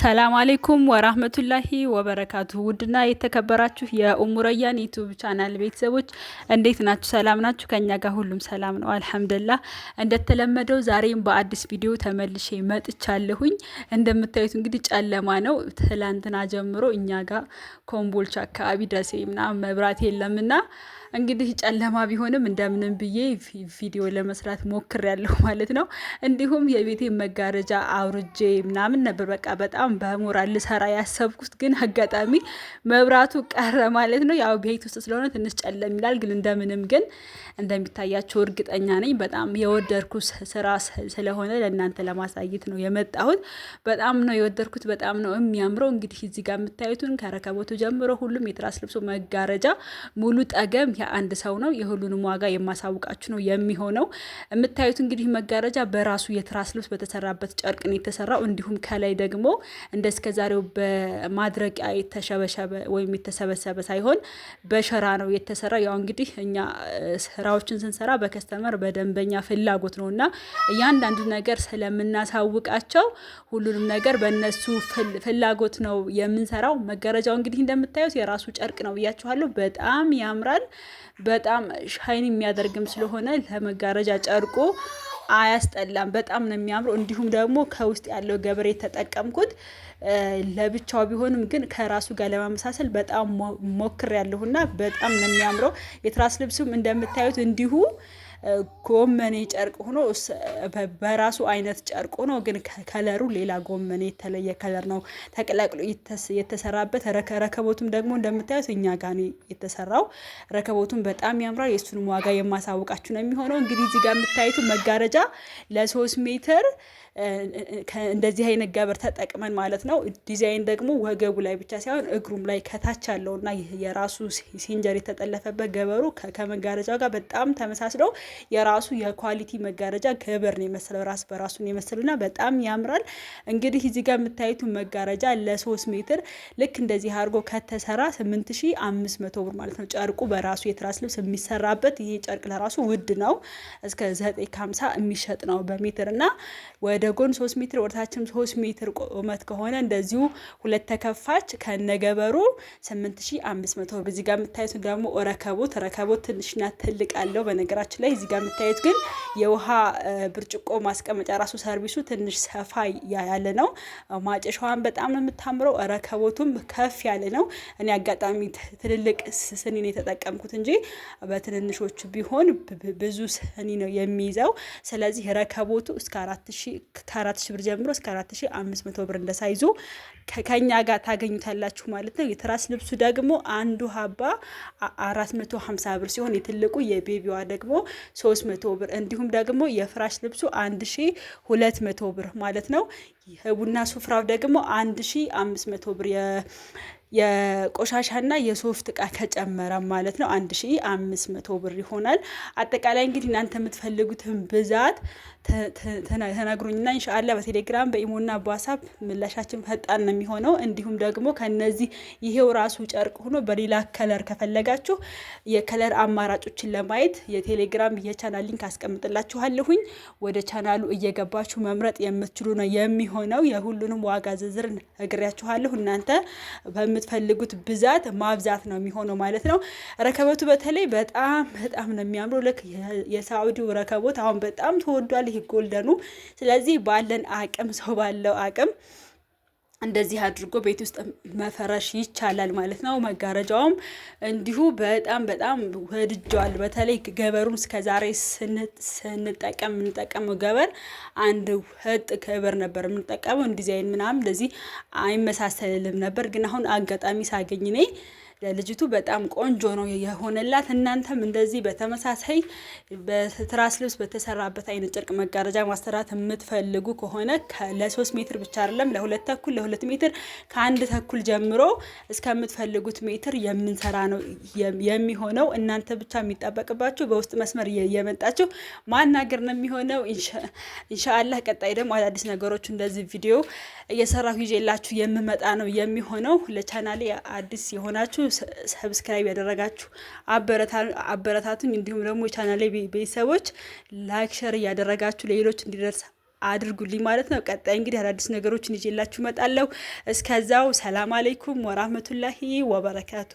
ሰላም አሌይኩም ወራህመቱላሂ ወበረካቱ። ውድና የተከበራችሁ የኡሙረያን ዩቱብ ቻናል ቤተሰቦች እንዴት ናችሁ? ሰላም ናችሁ? ከኛ ጋር ሁሉም ሰላም ነው አልሐምዱሊላህ። እንደተለመደው ዛሬም በአዲስ ቪዲዮ ተመልሼ መጥቻለሁኝ። እንደምታዩት እንግዲህ ጨለማ ነው። ትላንትና ጀምሮ እኛ ጋር ኮምቦልቻ አካባቢ ደሴ ምናምን መብራት የለምና እንግዲህ ጨለማ ቢሆንም እንደምንም ብዬ ቪዲዮ ለመስራት ሞክሬያለሁ ማለት ነው። እንዲሁም የቤቴ መጋረጃ አውርጄ ምናምን ነበር በቃ በጣም በሞራል ልሰራ ያሰብኩት ግን አጋጣሚ መብራቱ ቀረ ማለት ነው። ያው ቤት ውስጥ ስለሆነ ትንሽ ጨለም ይላል። ግን እንደምንም ግን እንደሚታያቸው እርግጠኛ ነኝ። በጣም የወደድኩት ስራ ስለሆነ ለእናንተ ለማሳየት ነው የመጣሁት። በጣም ነው የወደድኩት። በጣም ነው የሚያምረው። እንግዲህ እዚህ ጋር የምታዩትን ከረከቦቱ ጀምሮ ሁሉም የትራስ ልብሶ መጋረጃ ሙሉ ጠገም የአንድ ሰው ነው። የሁሉንም ዋጋ የማሳውቃችሁ ነው የሚሆነው። የምታዩት እንግዲህ መጋረጃ በራሱ የትራስ ልብስ በተሰራበት ጨርቅ ነው የተሰራው። እንዲሁም ከላይ ደግሞ ደግሞ እንደ እስከ ዛሬው በማድረቂያ የተሸበሸበ ወይም የተሰበሰበ ሳይሆን በሸራ ነው የተሰራ። ያው እንግዲህ እኛ ስራዎችን ስንሰራ በከስተመር በደንበኛ ፍላጎት ነው እና እያንዳንዱ ነገር ስለምናሳውቃቸው ሁሉንም ነገር በእነሱ ፍላጎት ነው የምንሰራው። መጋረጃው እንግዲህ እንደምታዩት የራሱ ጨርቅ ነው ብያችኋለሁ። በጣም ያምራል። በጣም ሻይን የሚያደርግም ስለሆነ ለመጋረጃ ጨርቁ አያስጠላም። በጣም ነው የሚያምረው። እንዲሁም ደግሞ ከውስጥ ያለው ገበሬ የተጠቀምኩት ለብቻው ቢሆንም ግን ከራሱ ጋር ለማመሳሰል በጣም ሞክር ያለሁና በጣም ነው የሚያምረው። የትራስ ልብሱም እንደምታዩት እንዲሁ ጎመኔ ጨርቅ ሆኖ በራሱ አይነት ጨርቅ ሆኖ ግን ከለሩ ሌላ ጎመኔ የተለየ ከለር ነው ተቀላቅሎ የተሰራበት። ረከቦቱም ደግሞ እንደምታዩት እኛ ጋ የተሰራው። ረከቦቱም በጣም ያምራል። የሱን ዋጋ የማሳወቃችሁ ነው የሚሆነው። እንግዲህ እዚህ ጋር የምታዩት መጋረጃ ለሶስት ሜትር እንደዚህ አይነት ገበር ተጠቅመን ማለት ነው። ዲዛይን ደግሞ ወገቡ ላይ ብቻ ሳይሆን እግሩም ላይ ከታች ያለውና የራሱ ሲንጀር የተጠለፈበት ገበሩ ከመጋረጃው ጋር በጣም ተመሳስለው የራሱ የኳሊቲ መጋረጃ ገበር ነው የመሰለው ራስ በራሱን የመሰሉና በጣም ያምራል። እንግዲህ እዚህ ጋር የምታዩቱ መጋረጃ ለሶስት ሜትር ልክ እንደዚህ አድርጎ ከተሰራ ስምንት ሺ አምስት መቶ ብር ማለት ነው። ጨርቁ በራሱ የትራስ ልብስ የሚሰራበት ይሄ ጨርቅ ለራሱ ውድ ነው። እስከ ዘጠኝ ከሀምሳ የሚሸጥ ነው በሜትር እና ወደ ጎን ሶስት ሜትር ወደታችም ሶስት ሜትር ቁመት ከሆነ እንደዚሁ ሁለት ተከፋች ከነገበሩ ስምንት ሺ አምስት መቶ ብር። እዚህ ጋር የምታዩት ደግሞ ረከቦት ረከቦት ትንሽና ትልቅ አለው በነገራችን ላይ እዚህ ጋር የምታዩት ግን የውሃ ብርጭቆ ማስቀመጫ ራሱ ሰርቪሱ ትንሽ ሰፋ ያለ ነው። ማጨሻዋን በጣም ነው የምታምረው። ረከቦቱም ከፍ ያለ ነው። እኔ አጋጣሚ ትልልቅ ስኒ ነው የተጠቀምኩት እንጂ በትንንሾቹ ቢሆን ብዙ ስኒ ነው የሚይዘው። ስለዚህ ረከቦቱ እስከ ከአራት ሺ ብር ጀምሮ እስከ አራት ሺ አምስት መቶ ብር እንደሳይዙ ከኛ ጋር ታገኙታላችሁ ማለት ነው። የትራስ ልብሱ ደግሞ አንዱ ሀባ አራት መቶ ሀምሳ ብር ሲሆን የትልቁ የቤቢዋ ደግሞ 300 ብር እንዲሁም ደግሞ የፍራሽ ልብሱ 1200 ብር ማለት ነው። የቡና ሱፍራው ደግሞ 1500 ብር የቆሻሻና የሶፍት እቃ ከጨመረ ማለት ነው አንድ ሺ አምስት መቶ ብር ይሆናል። አጠቃላይ እንግዲህ እናንተ የምትፈልጉትን ብዛት ተናግሩኝና ኢንሻአላ በቴሌግራም በኢሞና በዋሳፕ ምላሻችን ፈጣን ነው የሚሆነው። እንዲሁም ደግሞ ከነዚህ ይሄው ራሱ ጨርቅ ሆኖ በሌላ ከለር ከፈለጋችሁ የከለር አማራጮችን ለማየት የቴሌግራም የቻናል ሊንክ አስቀምጥላችኋለሁኝ። ወደ ቻናሉ እየገባችሁ መምረጥ የምትችሉ ነው የሚሆነው። የሁሉንም ዋጋ ዝርዝር እነግራችኋለሁ እናንተ የምትፈልጉት ብዛት ማብዛት ነው የሚሆነው ማለት ነው። ረከበቱ በተለይ በጣም በጣም ነው የሚያምረው። ልክ የሳዑዲው ረከቦት አሁን በጣም ተወዷል፣ ይህ ጎልደኑ። ስለዚህ ባለን አቅም ሰው ባለው አቅም እንደዚህ አድርጎ ቤት ውስጥ መፈረሽ ይቻላል ማለት ነው። መጋረጃውም እንዲሁ በጣም በጣም ወድጀዋል። በተለይ ገበሩን እስከዛሬ ስንጠቀም የምንጠቀመው ገበር አንድ ህጥ ክብር ነበር የምንጠቀመው። እንዲዚይን ምናምን እንደዚህ አይመሳሰልልም ነበር፣ ግን አሁን አጋጣሚ ሳገኝ እኔ ለልጅቱ በጣም ቆንጆ ነው የሆነላት። እናንተም እንደዚህ በተመሳሳይ በትራስ ልብስ በተሰራበት አይነት ጨርቅ መጋረጃ ማሰራት የምትፈልጉ ከሆነ ለሶስት ሜትር ብቻ አይደለም ለሁለት ተኩል ለሁለት ሜትር ከአንድ ተኩል ጀምሮ እስከምትፈልጉት ሜትር የምንሰራ ነው የሚሆነው። እናንተ ብቻ የሚጠበቅባችሁ በውስጥ መስመር የመጣችሁ ማናገር ነው የሚሆነው። ኢንሻአላህ ቀጣይ ደግሞ አዳዲስ ነገሮች እንደዚህ ቪዲዮ እየሰራሁ ይዤላችሁ የምመጣ ነው የሚሆነው። ለቻናሌ አዲስ የሆናችሁ ሰብስክራይብ ያደረጋችሁ አበረታቱኝ። እንዲሁም ደግሞ የቻናሌ ቤተሰቦች ላይክ፣ ሸር እያደረጋችሁ ለሌሎች እንዲደርስ አድርጉልኝ ማለት ነው። ቀጣይ እንግዲህ አዳዲስ ነገሮችን ይዤላችሁ እመጣለሁ። እስከዛው ሰላም አለይኩም ወራህመቱላሂ ወበረካቱ።